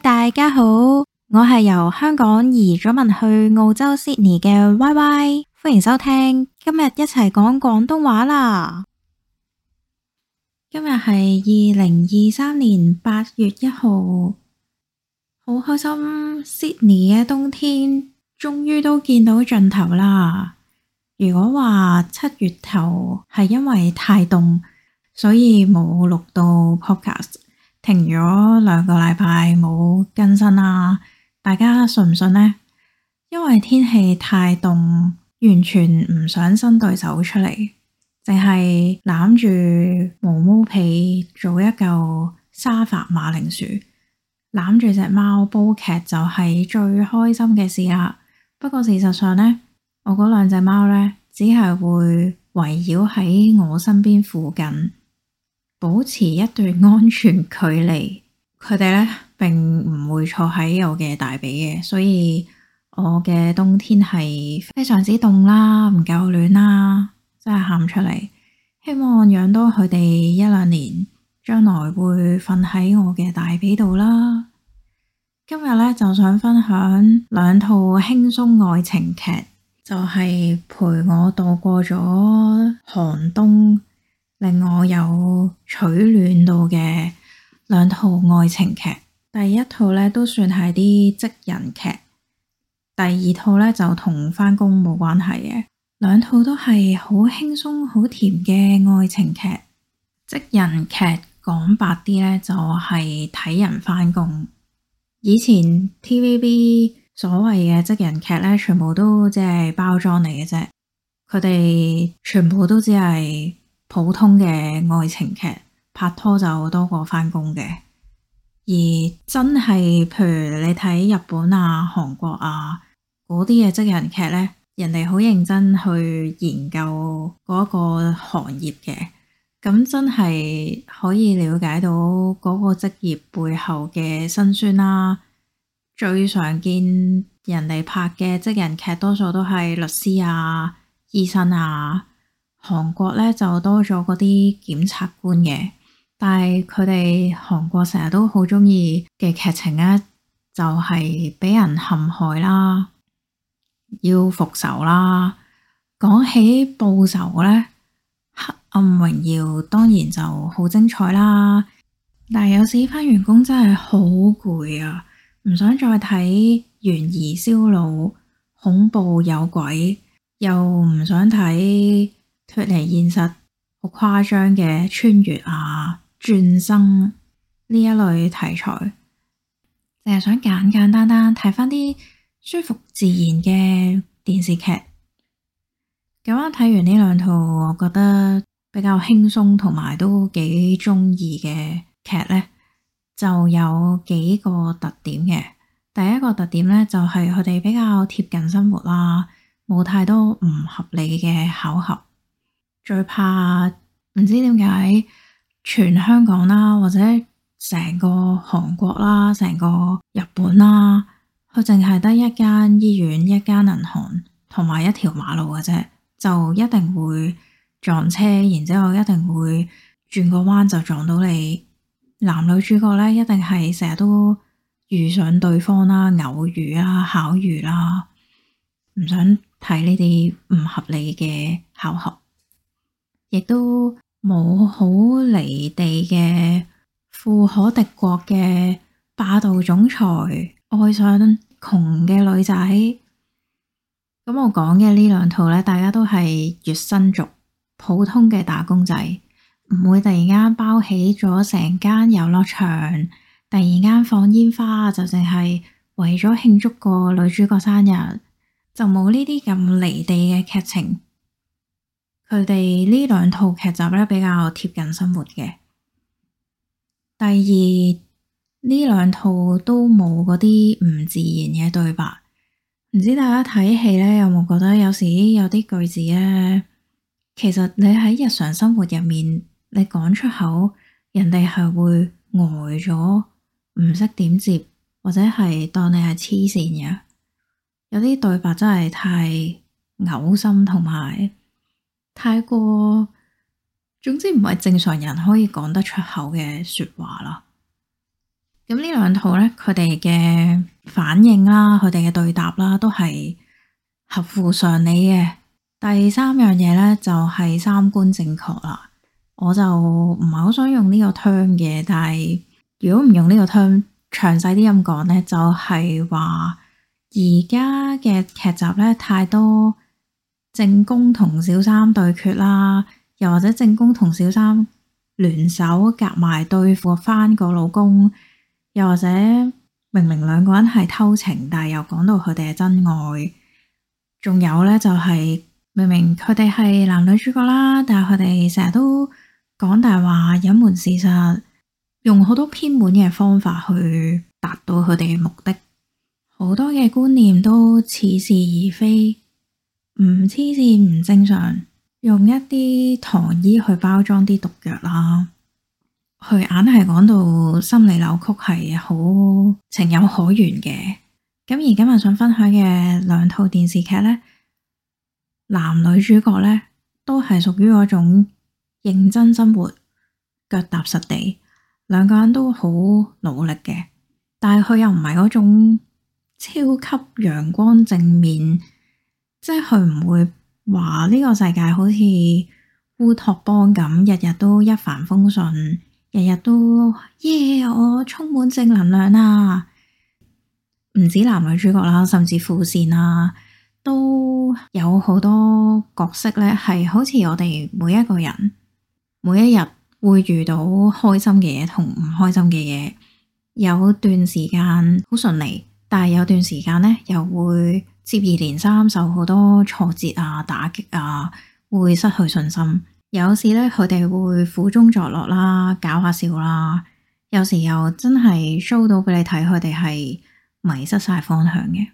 大家好，我係由香港移咗民去澳洲 Sydney 嘅 Y Y，歡迎收聽，今日一齊講廣東話啦。今日係二零二三年八月一號，好開心！Sydney 嘅冬天終於都見到盡頭啦。如果話七月頭係因為太凍，所以冇錄到 Podcast。停咗兩個禮拜冇更新啦，大家信唔信呢？因為天氣太凍，完全唔想伸對手出嚟，淨係攬住毛毛被做一嚿沙發馬鈴薯，攬住隻貓煲劇就係最開心嘅事啦。不過事實上呢，我嗰兩隻貓呢，只係會圍繞喺我身邊附近。保持一段安全距離，佢哋咧並唔會坐喺我嘅大髀嘅，所以我嘅冬天係非常之凍啦，唔夠暖啦，啊，真係喊出嚟！希望養到佢哋一兩年，將來會瞓喺我嘅大髀度啦。今日咧就想分享兩套輕鬆愛情劇，就係、是、陪我度過咗寒冬。令我有取暖到嘅兩套愛情劇，第一套咧都算係啲職人劇，第二套咧就同返工冇關係嘅，兩套都係好輕鬆好甜嘅愛情劇。職人劇講白啲呢就係、是、睇人返工。以前 TVB 所謂嘅職人劇呢全部都即係包裝嚟嘅啫，佢哋全部都只係。普通嘅愛情劇拍拖就好多過翻工嘅，而真係譬如你睇日本啊、韓國啊嗰啲嘅職人劇呢，人哋好認真去研究嗰個行業嘅，咁真係可以了解到嗰個職業背後嘅辛酸啦、啊。最常見人哋拍嘅職人劇，多數都係律師啊、醫生啊。韓國咧就多咗嗰啲檢察官嘅，但係佢哋韓國成日都好中意嘅劇情咧，就係俾人陷害啦，要復仇啦。講起報仇咧，黑暗榮耀當然就好精彩啦。但係有時返完工真係好攰啊，唔想再睇懸疑燒腦、恐怖有鬼，又唔想睇。脫離現實好誇張嘅穿越啊、轉生呢一類題材，淨係想簡簡單單睇翻啲舒服自然嘅電視劇。咁、嗯、睇完呢兩套，我覺得比較輕鬆，同埋都幾鍾意嘅劇咧，就有幾個特點嘅。第一個特點咧，就係佢哋比較貼近生活啦，冇太多唔合理嘅巧合。最怕唔知點解，全香港啦，或者成個韓國啦，成個日本啦，佢淨係得一間醫院、一間銀行同埋一條馬路嘅啫，就一定會撞車，然之後一定會轉個彎就撞到你。男女主角咧，一定係成日都遇上對方啦、偶遇啦、巧遇啦，唔想睇呢啲唔合理嘅巧合。亦都冇好離地嘅富可敵國嘅霸道總裁愛上窮嘅女仔，咁我講嘅呢兩套呢，大家都係月薪族，普通嘅打工仔，唔會突然間包起咗成間遊樂場，突然間放煙花，就淨係為咗慶祝個女主角生日，就冇呢啲咁離地嘅劇情。佢哋呢兩套劇集咧比較貼近生活嘅。第二，呢兩套都冇嗰啲唔自然嘅對白。唔知大家睇戲咧有冇覺得有時有啲句子咧，其實你喺日常生活入面你講出口，人哋係會呆咗，唔識點接，或者係當你係黐線嘅。有啲對白真係太嘔心，同埋。太過，總之唔係正常人可以講得出口嘅說話啦。咁呢兩套咧，佢哋嘅反應啦，佢哋嘅對答啦，都係合乎常理嘅。第三樣嘢咧，就係三觀正確啦。我就唔係好想用呢個 term 嘅，但係如果唔用呢個 term，詳細啲咁講咧，就係話而家嘅劇集咧太多。正宮同小三對決啦，又或者正宮同小三聯手夾埋對付翻個老公，又或者明明兩個人係偷情，但係又講到佢哋嘅真愛。仲有咧、就是，就係明明佢哋係男女主角啦，但係佢哋成日都講大話，隱瞞事實，用好多偏門嘅方法去達到佢哋嘅目的。好多嘅觀念都似是而非。唔黐線唔正常，用一啲糖衣去包裝啲毒藥啦。佢硬係講到心理扭曲係好情有可原嘅。咁而今日想分享嘅兩套電視劇咧，男女主角咧都係屬於嗰種認真生活、腳踏實地，兩個人都好努力嘅。但係佢又唔係嗰種超級陽光正面。即係佢唔會話呢個世界好似烏托邦咁，日日都一帆風順，日日都耶、yeah，我充滿正能量啦、啊。唔止男女主角啦，甚至副線啊，都有好多角色咧，係好似我哋每一個人，每一日會遇到開心嘅嘢同唔開心嘅嘢，有段時間好順利，但係有段時間咧又會。接二連三受好多挫折啊、打擊啊，會失去信心。有時咧，佢哋會苦中作樂啦、啊、搞下笑啦、啊。有時又真係 show 到俾你睇，佢哋係迷失晒方向嘅。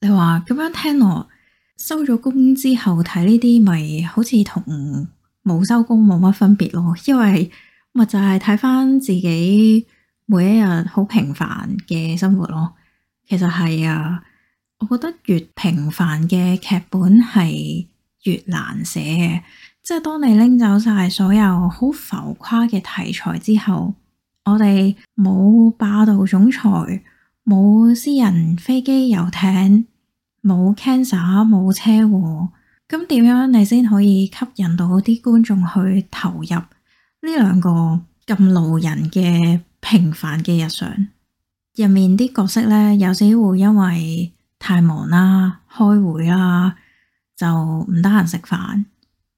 你話咁樣聽我收咗工之後睇呢啲，咪好似同冇收工冇乜分別咯？因為咪就係睇翻自己每一日好平凡嘅生活咯。其實係啊。我覺得越平凡嘅劇本係越難寫嘅，即係當你拎走晒所有好浮誇嘅題材之後，我哋冇霸道總裁，冇私人飛機遊艇，冇 cancer，冇車禍，咁點樣你先可以吸引到啲觀眾去投入呢兩個咁路人嘅平凡嘅日常？入面啲角色呢？有啲會因為。太忙啦，開會啦，就唔得閒食飯。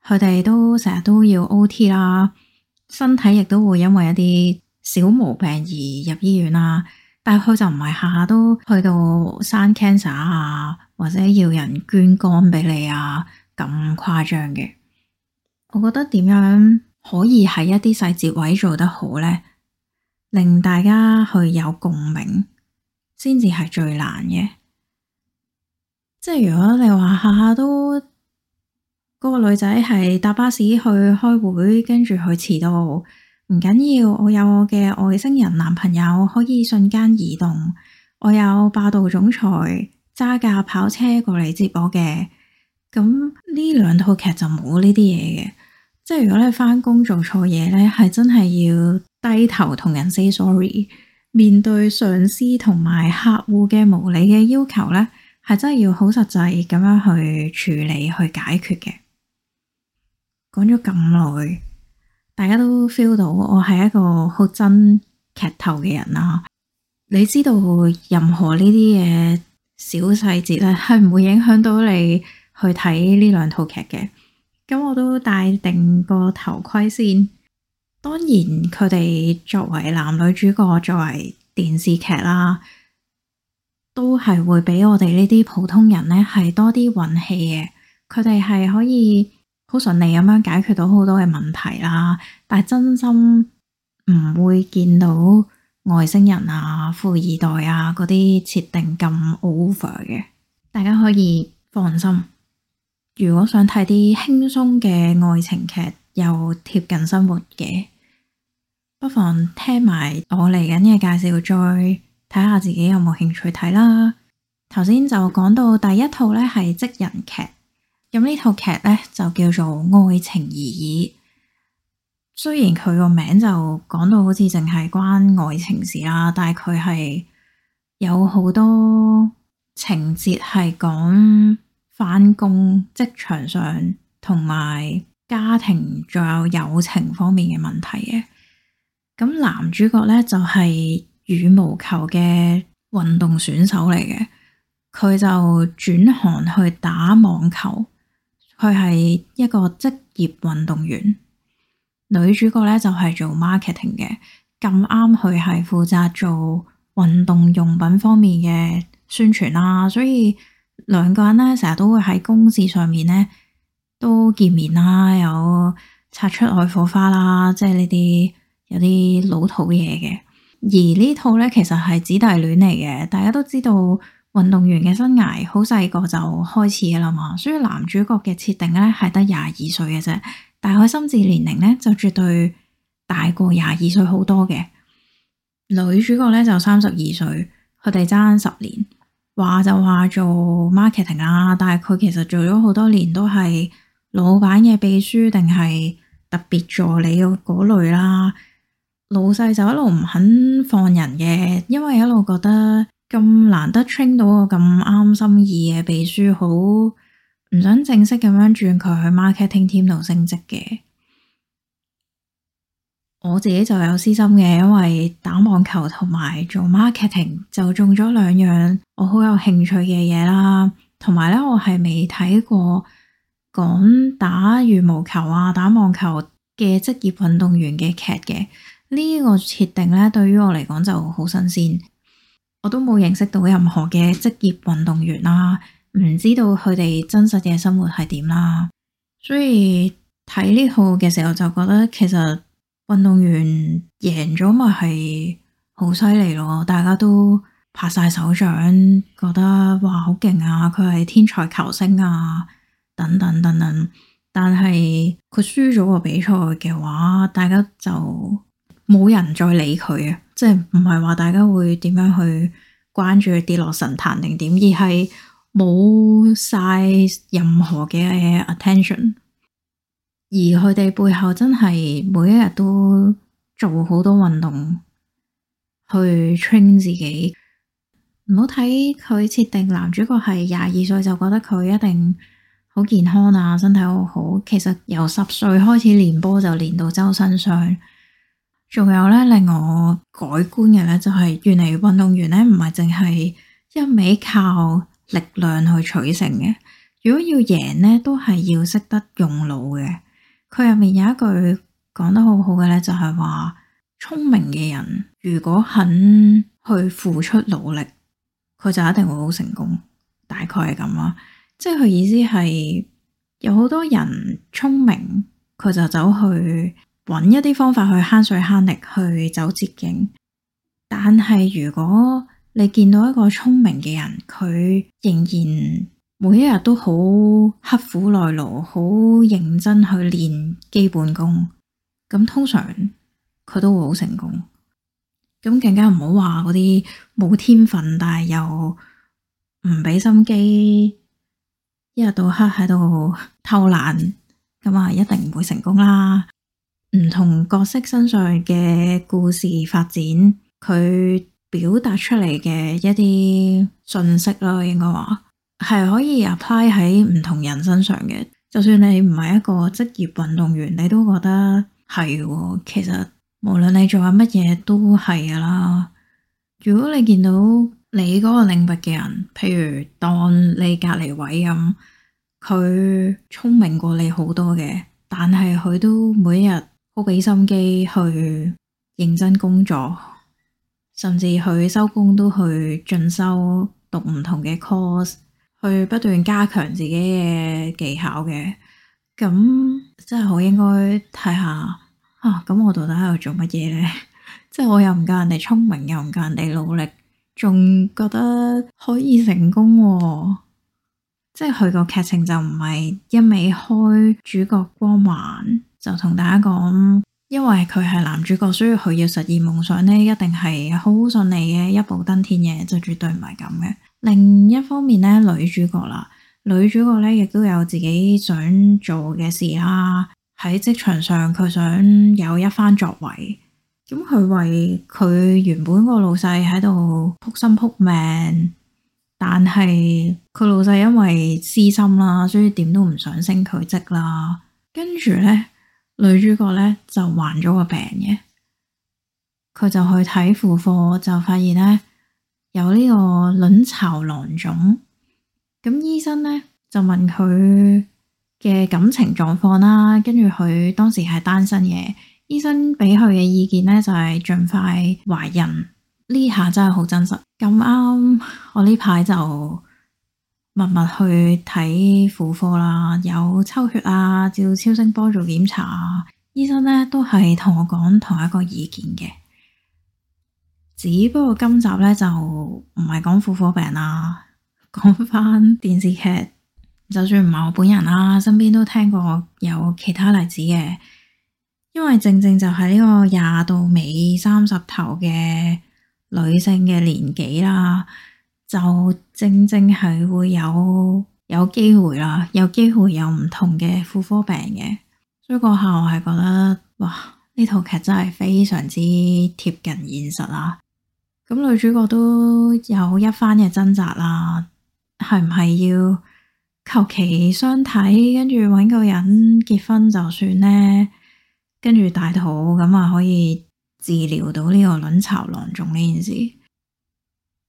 佢哋都成日都要 OT 啦，身體亦都會因為一啲小毛病而入醫院啦。但係佢就唔係下下都去到生 cancer 啊，或者要人捐肝俾你啊咁誇張嘅。我覺得點樣可以喺一啲細節位做得好呢？令大家去有共鳴，先至係最難嘅。即係如果你話下下都嗰個女仔係搭巴士去開會，跟住佢遲到唔緊要，我有我嘅外星人男朋友可以瞬間移動，我有霸道總裁揸架跑車過嚟接我嘅。咁呢兩套劇就冇呢啲嘢嘅。即係如果你翻工做錯嘢咧，係真係要低頭同人 say sorry，面對上司同埋客戶嘅無理嘅要求咧。係真係要好實際咁樣去處理去解決嘅。講咗咁耐，大家都 feel 到我係一個好真劇頭嘅人啦。你知道任何呢啲嘢、小細節咧，係唔會影響到你去睇呢兩套劇嘅。咁我都戴定個頭盔先。當然，佢哋作為男女主角，作為電視劇啦。都係會俾我哋呢啲普通人呢，係多啲運氣嘅，佢哋係可以好順利咁樣解決到好多嘅問題啦。但係真心唔會見到外星人啊、富二代啊嗰啲設定咁 over 嘅，大家可以放心。如果想睇啲輕鬆嘅愛情劇又貼近生活嘅，不妨聽埋我嚟緊嘅介紹再。睇下自己有冇興趣睇啦。頭先就講到第一套咧，係職人劇，咁呢套劇咧就叫做愛情而已。雖然佢個名就講到好似淨係關愛情事啦，但係佢係有好多情節係講翻工職場上同埋家庭仲有友情方面嘅問題嘅。咁男主角咧就係、是。羽毛球嘅運動選手嚟嘅，佢就轉行去打網球。佢係一個職業運動員。女主角呢就係做 marketing 嘅，咁啱佢係負責做運動用品方面嘅宣傳啦，所以兩個人呢成日都會喺公事上面呢都見面啦，有擦出愛火花啦，即係呢啲有啲老土嘢嘅。而呢套咧，其實係姊弟戀嚟嘅。大家都知道，運動員嘅生涯好細個就開始㗎喇嘛。所以男主角嘅設定咧，係得廿二歲嘅啫，但係佢心智年齡咧就絕對大過廿二歲好多嘅。女主角咧就三十二歲，佢哋爭十年，話就話做 marketing 啊，但係佢其實做咗好多年都係老闆嘅秘書定係特別助理嗰類啦。老細就一路唔肯放人嘅，因為一路覺得咁難得 train 到個咁啱心意嘅秘書，好唔想正式咁樣轉佢去 marketing team 度升職嘅。我自己就有私心嘅，因為打網球同埋做 marketing 就中咗兩樣我好有興趣嘅嘢啦，同埋呢我係未睇過講打羽毛球啊、打網球嘅職業運動員嘅劇嘅。呢個設定咧，對於我嚟講就好新鮮，我都冇認識到任何嘅職業運動員啦，唔知道佢哋真實嘅生活係點啦。所以睇呢套嘅時候，就覺得其實運動員贏咗咪係好犀利咯，大家都拍晒手掌，覺得哇好勁啊，佢係天才球星啊，等等等等。但係佢輸咗個比賽嘅話，大家就冇人再理佢啊！即係唔係話大家會點樣去關注佢跌落神壇定點，而係冇晒任何嘅 attention。而佢哋背後真係每一日都做好多運動去 train 自己。唔好睇佢設定男主角係廿二歲就覺得佢一定好健康啊，身體好好。其實由十歲開始練波就練到周身傷。仲有咧，令我改觀嘅咧，就係原嚟運動員咧，唔係淨係一味靠力量去取勝嘅。如果要贏咧，都係要識得用腦嘅。佢入面有一句講得好好嘅咧，就係話聰明嘅人如果肯去付出努力，佢就一定會好成功。大概係咁啦，即係佢意思係有好多人聰明，佢就走去。揾一啲方法去慳水慳力去走捷徑，但係如果你見到一個聰明嘅人，佢仍然每一日都好刻苦耐勞、好認真去練基本功，咁通常佢都會好成功。咁更加唔好話嗰啲冇天分但係又唔俾心機，一日到黑喺度偷懶，咁啊一定唔會成功啦。唔同角色身上嘅故事發展，佢表達出嚟嘅一啲信息咯，應該話係可以 apply 喺唔同人身上嘅。就算你唔係一個職業運動員，你都覺得係。其實無論你做緊乜嘢都係啦。如果你見到你嗰個領域嘅人，譬如當你隔籬位咁，佢聰明過你好多嘅，但係佢都每日，都幾心機去認真工作，甚至去收工都去進修讀唔同嘅 course，去不斷加強自己嘅技巧嘅。咁真係好應該睇下啊！咁我到底喺度做乜嘢呢？ 即係我又唔夠人哋聰明，又唔夠人哋努力，仲覺得可以成功，啊？即係佢個劇情就唔係一味開主角光環。就同大家講，因為佢係男主角，所以佢要實現夢想呢，一定係好順利嘅，一步登天嘅，就絕對唔係咁嘅。另一方面呢，女主角啦，女主角呢，亦都有自己想做嘅事啦。喺職場上，佢想有一番作為，咁佢為佢原本個老細喺度仆心仆命，但係佢老細因為私心啦，所以點都唔想升佢職啦。跟住呢。女主角呢，就患咗個病嘅，佢就去睇婦科，就發現呢有呢個卵巢囊腫。咁醫生呢，就問佢嘅感情狀況啦，跟住佢當時係單身嘅。醫生畀佢嘅意見呢，就係盡快懷孕，呢下真係好真實。咁啱我呢排就。密密去睇婦科啦，有抽血啊，照超聲波做檢查啊，醫生咧都係同我講同一個意見嘅。只不過今集咧就唔係講婦科病啦，講返電視劇。就算唔係我本人啦，身邊都聽過有其他例子嘅，因為正正就喺呢個廿到尾三十頭嘅女性嘅年紀啦。就正正係會有有機會啦，有機會有唔同嘅婦科病嘅。所以嗰下我係覺得，哇！呢套劇真係非常之貼近現實啦！咁女主角都有一番嘅掙扎啦，係唔係要求其相睇，跟住揾個人結婚就算呢？跟住大肚咁啊，可以治療到呢個卵巢囊腫呢件事。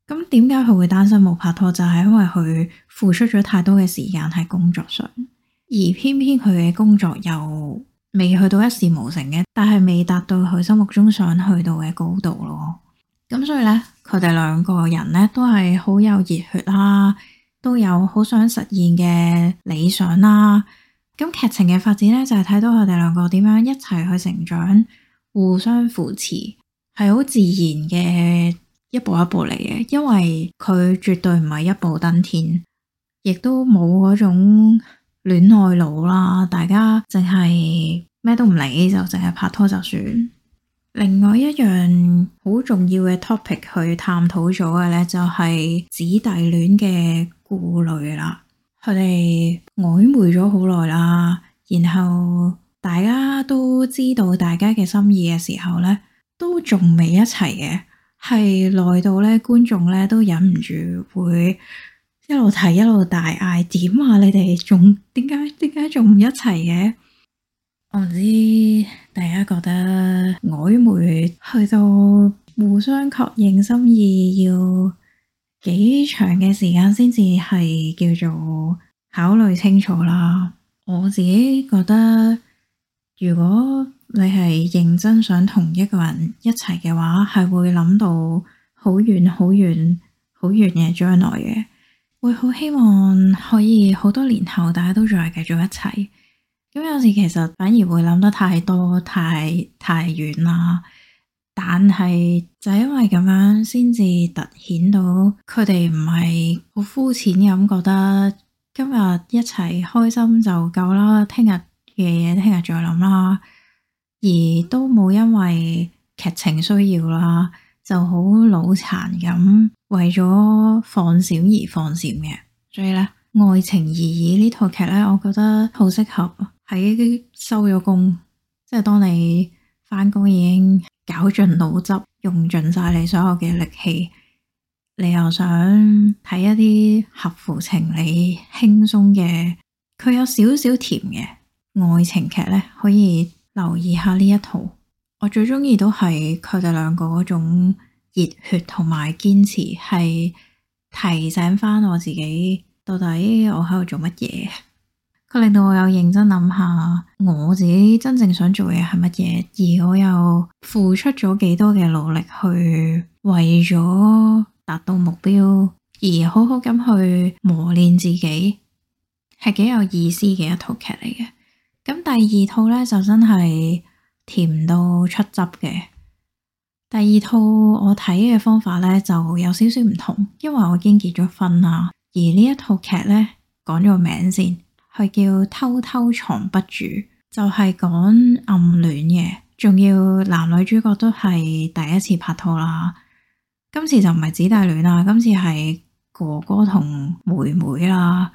咁點解佢會單身冇拍拖？就係因為佢付出咗太多嘅時間喺工作上，而偏偏佢嘅工作又未去到一事無成嘅，但係未達到佢心目中想去到嘅高度咯。咁所以呢，佢哋兩個人呢都係好有熱血啦，都有好想實現嘅理想啦。咁劇情嘅發展呢，就係睇到佢哋兩個點樣一齊去成長，互相扶持，係好自然嘅。一步一步嚟嘅，因為佢絕對唔係一步登天，亦都冇嗰種戀愛腦啦。大家淨係咩都唔理就淨係拍拖就算。另外一樣好重要嘅 topic 去探討咗嘅呢，就係、是、姐弟戀嘅顧慮啦。佢哋曖昧咗好耐啦，然後大家都知道大家嘅心意嘅時候呢，都仲未一齊嘅。係嚟到咧，觀眾咧都忍唔住會一路睇一路大嗌，點啊！你哋仲點解點解仲唔一齊嘅？我唔知大家覺得曖昧去到互相確認心意要幾長嘅時間先至係叫做考慮清楚啦。我自己覺得如果。你係認真想同一個人一齊嘅話，係會諗到好遠好遠好遠嘅將來嘅，會好希望可以好多年後大家都仲係繼續一齊。咁有時其實反而會諗得太多，太太遠啦。但係就因為咁樣，先至突顯到佢哋唔係好膚淺咁，覺得今日一齊開心就夠啦，聽日嘅嘢聽日再諗啦。而都冇因為劇情需要啦，就好腦殘咁為咗放閃而放閃嘅。所以呢，愛情而已呢套劇呢，我覺得好適合喺收咗工，即係當你返工已經絞盡腦汁，用盡晒你所有嘅力氣，你又想睇一啲合乎情理輕鬆嘅，佢有少少甜嘅愛情劇呢，可以。留意下呢一套，我最中意都係佢哋兩個嗰種熱血同埋堅持，係提醒翻我自己到底我喺度做乜嘢。佢令到我有認真諗下我自己真正想做嘢係乜嘢，而我又付出咗幾多嘅努力去為咗達到目標而好好咁去磨練自己，係幾有意思嘅一套劇嚟嘅。咁第二套咧，就真係甜到出汁嘅。第二套我睇嘅方法咧，就有少少唔同，因為我已經結咗婚啦。而呢一套劇咧，講咗個名先，係叫《偷偷藏不住》，就係、是、講暗戀嘅，仲要男女主角都係第一次拍拖啦。今次就唔係姊弟戀啦，今次係哥哥同妹妹啦，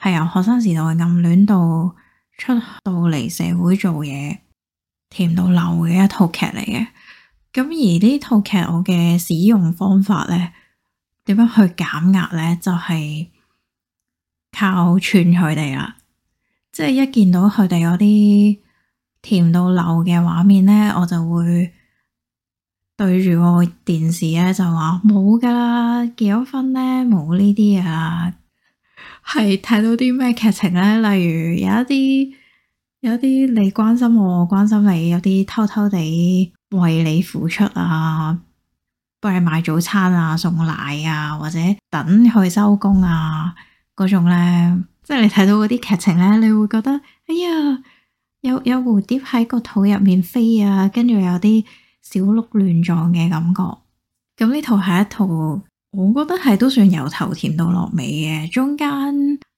係由學生時代暗戀到。出到嚟社會做嘢，甜到漏嘅一套劇嚟嘅。咁而呢套劇我嘅使用方法呢，點樣去減壓呢？就係靠串佢哋啦。即係一見到佢哋嗰啲甜到漏嘅畫面呢，我就會對住個電視咧就話冇噶啦，結咗婚呢，冇呢啲啊。係睇到啲咩劇情咧？例如有一啲，有一啲你關心我，我關心你，有啲偷偷地為你付出啊，幫你買早餐啊，送奶啊，或者等佢收工啊嗰種咧，即係你睇到嗰啲劇情咧，你會覺得哎呀，有有蝴蝶喺個肚入面飛啊，跟住有啲小鹿亂撞嘅感覺。咁呢套係一套，我覺得係都算由頭甜到落尾嘅，中間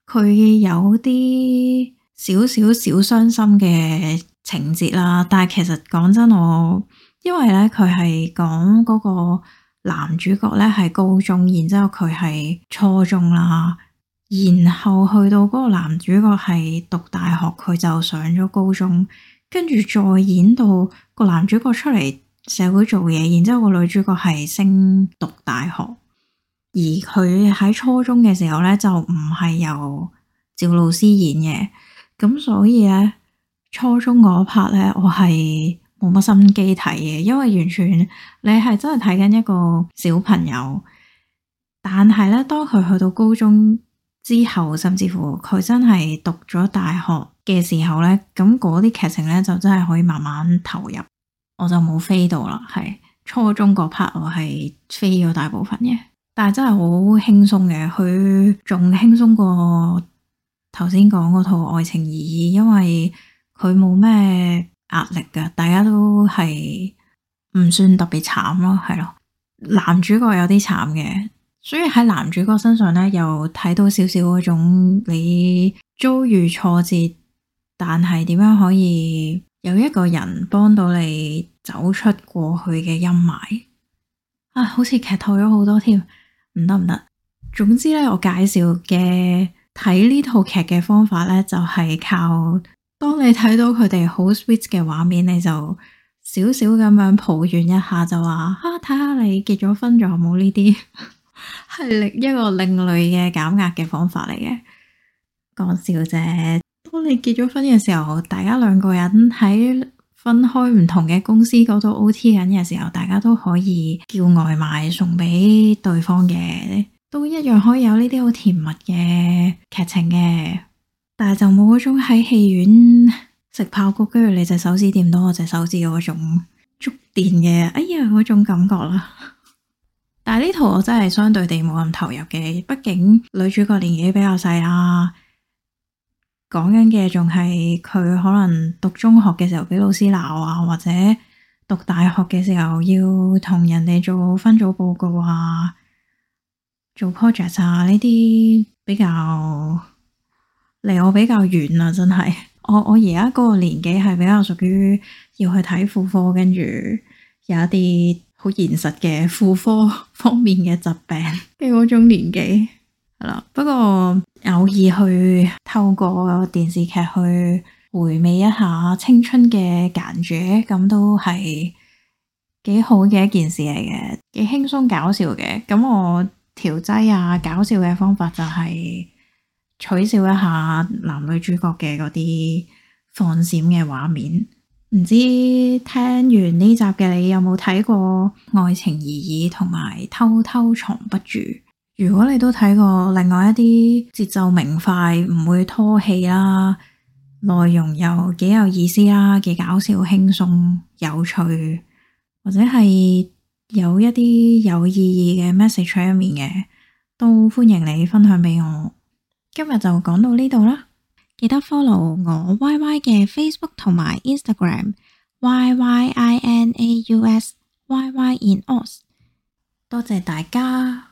佢有啲少少少傷心嘅情節啦。但係其實講真我，我因為咧佢係講嗰個男主角咧係高中，然之後佢係初中啦，然後去到嗰個男主角係讀大學，佢就上咗高中，跟住再演到個男主角出嚟社會做嘢，然之後個女主角係升讀大學。而佢喺初中嘅時候咧，就唔係由趙老師演嘅。咁所以咧，初中嗰 part 咧，我係冇乜心機睇嘅，因為完全你係真係睇緊一個小朋友。但係咧，當佢去到高中之後，甚至乎佢真係讀咗大學嘅時候咧，咁嗰啲劇情咧就真係可以慢慢投入，我就冇飛到啦。係初中嗰 part 我係飛咗大部分嘅。但係真係好輕鬆嘅，佢仲輕鬆過頭先講嗰套愛情而已，因為佢冇咩壓力㗎，大家都係唔算特別慘咯，係咯。男主角有啲慘嘅，所以喺男主角身上呢，又睇到少少嗰種你遭遇挫折，但係點樣可以有一個人幫到你走出過去嘅陰霾啊！好似劇透咗好多添。唔得唔得，總之咧，我介紹嘅睇呢套劇嘅方法咧，就係靠當你睇到佢哋好 sweet 嘅畫面，你就少少咁樣抱怨一下，就話啊，睇下你結咗婚仲有冇呢啲，係另 一個另類嘅減壓嘅方法嚟嘅。講笑啫，當你結咗婚嘅時候，大家兩個人喺，分開唔同嘅公司嗰度 O T 緊嘅時候，大家都可以叫外賣送俾對方嘅，都一樣可以有呢啲好甜蜜嘅劇情嘅，但係就冇嗰種喺戲院食爆谷，跟住你隻手指掂到我隻手指嗰種觸電嘅，哎呀嗰種感覺啦。 但係呢套我真係相對地冇咁投入嘅，畢竟女主角年紀比較細啊。講緊嘅仲係佢可能讀中學嘅時候俾老師鬧啊，或者讀大學嘅時候要同人哋做分組報告啊，做 project 啊，呢啲比較離我比較遠啊。真係。 我我而家嗰個年紀係比較屬於要去睇婦科，跟住有一啲好現實嘅婦科方面嘅疾病嘅嗰種年紀係啦，不過。偶爾去透過電視劇去回味一下青春嘅感覺，咁都係幾好嘅一件事嚟嘅，幾輕鬆搞笑嘅。咁我調劑啊搞笑嘅方法就係取笑一下男女主角嘅嗰啲放閃嘅畫面。唔知聽完呢集嘅你有冇睇過《愛情而已》同埋《偷偷藏不住》？如果你都睇過另外一啲節奏明快，唔會拖戲啦，內容又幾有意思啦，幾搞笑、輕鬆、有趣，或者係有一啲有意義嘅 message 喺入面嘅，都歡迎你分享俾我。今日就講到呢度啦，記得 follow 我 Y Y 嘅 Facebook 同埋 Instagram Y Y I N A U S Y Y In Aus，多謝大家。